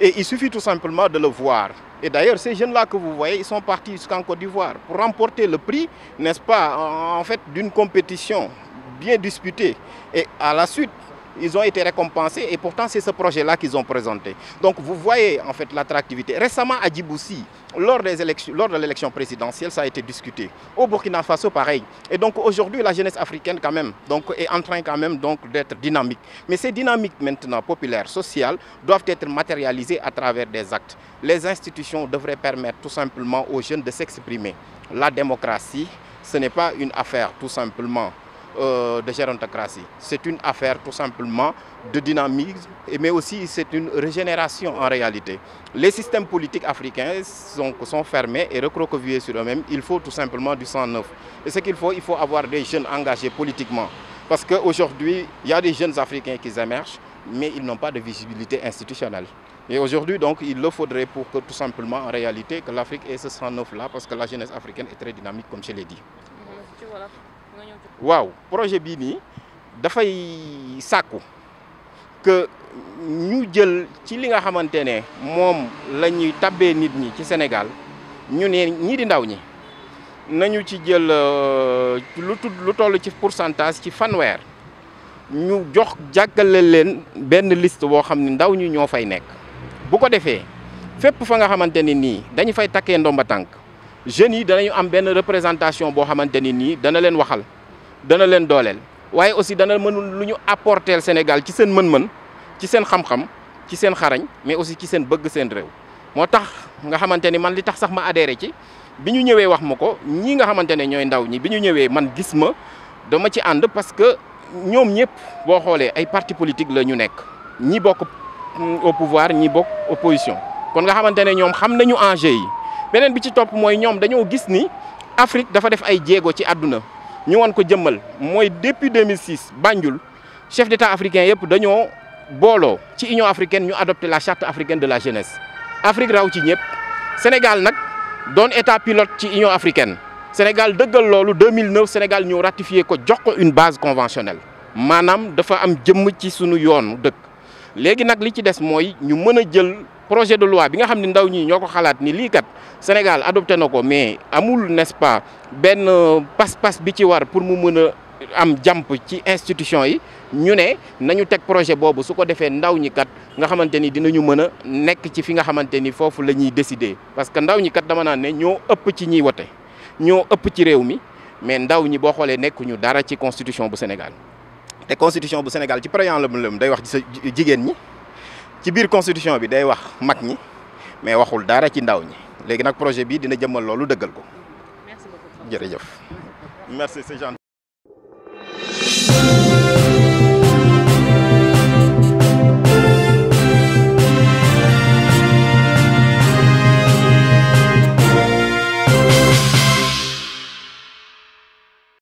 Et il suffit tout simplement de le voir. Et d'ailleurs, ces jeunes-là que vous voyez, ils sont partis jusqu'en Côte d'Ivoire pour remporter le prix, n'est-ce pas, en fait, d'une compétition bien disputée. Et à la suite, ils ont été récompensés et pourtant c'est ce projet-là qu'ils ont présenté. Donc vous voyez en fait l'attractivité. Récemment à Djibouti, lors, des élections, lors de l'élection présidentielle, a été discuté. Au Burkina Faso, pareil. Et donc aujourd'hui, la jeunesse africaine quand même donc, est en train quand même d'être dynamique. Mais ces dynamiques populaires, sociales, doivent être matérialisées à travers des actes. Les institutions devraient permettre tout simplement aux jeunes de s'exprimer. La démocratie, ce n'est une affaire tout simplement euh, de gérontocratie. C'est une affaire tout simplement de dynamisme, mais aussi c'est une régénération en réalité. Les systèmes politiques africains sont, sont fermés et recroquevillés sur eux-mêmes. Il faut tout simplement du Et ce qu'il faut, avoir des jeunes engagés politiquement. Parce qu'aujourd'hui, il y a des jeunes Africains qui émergent, mais ils n'ont pas de visibilité institutionnelle. Et aujourd'hui, donc, il le faudrait pour que tout simplement, en réalité, que l'Afrique ait ce la jeunesse africaine est très waaw projet bii nii dafay sàkku que ñu jël ci li nga xamante ne moom la ñuy tabbee nit ñi ci Sénégal ñu ne ñii di ndaw ñi nañu ci jël euh, lu tudd lu toll ci pourcentage ci fanweer ñu jox jàkkale leen benn liste boo xam ni ndaw ñi ñoo fay nekk bu ko defee fépp fa nga xamante ne nii dañu fay takkee ndomba tànk jeunes yi danañu am benn représentation boo xamante ni nii dana leen waxal dana leen dooleel waaye aussi dana mënul lu ñu apporteel Sénégal ci seen mën-mën ci seen xamxam ci seen xarañ mais aussi ci seen bëgg seen réew moo tax nga xamante ni man li tax sax ma adhéré ci bi ñu ñëwee wax ma ko ñii nga xamante ne ñooy ndaw ñi bi ñu ñëwee man gis ma dama ci ànd parce que ñoom ñëpp boo xoolee ay parti politique la ñu nekk ñi bokk mm, au pouvoir ñi bokk opposition kon nga xamante ne ñoom xam nañu enjeu yi beneen bi ci topp mooy ñoom dañoo gis ni Afrique dafa def ay jéego ci àdduna ñu wan ko jëmmal mooy depuis 2006 Banjul chef d'état africain yëpp dañoo booloo ci Union africaine ñu adopté la charte africaine de la jeunesse Afrique raw ci ñëpp Sénégal nag doon état pilote ci Union africaine Sénégal dëggal loolu 2009 Sénégal ñëw ratifié ko jox ko une base conventionnelle maanaam dafa am jëmm ci sunu yoon dëkk. léegi nag li ci des mooy ñu mën a jël projet de loi bi nga xam ne ndaw ñi ñoo ko xalaat ni lii kat Sénégal adopté na ko mais amul n'est-ce pas benn pas-pas bi ci war pour mu mën a am jàmp ci institution yi ñu ne nañu teg projet boobu su ko defee ndaw ñi kat nga xamante ni dinañu mën a nekk ci fi nga xamante ni foofu la ñuy décider parce que ndaw ñi kat dama naan ne ñoo ëpp ci ñiy wote ñoo ëpp ci réew mi mais ndaw ñi boo xoolee nekkuñu dara ci constitution bu Sénégal te constitution bu Sénégal ci préambule am day wax ci sa jigéen ñi ci biir constitution bi day wax mag ñi mais waxul dara ci ndaw ñi léegi nag projet bi dina jëmmal loolu dëggal ko jërëjëf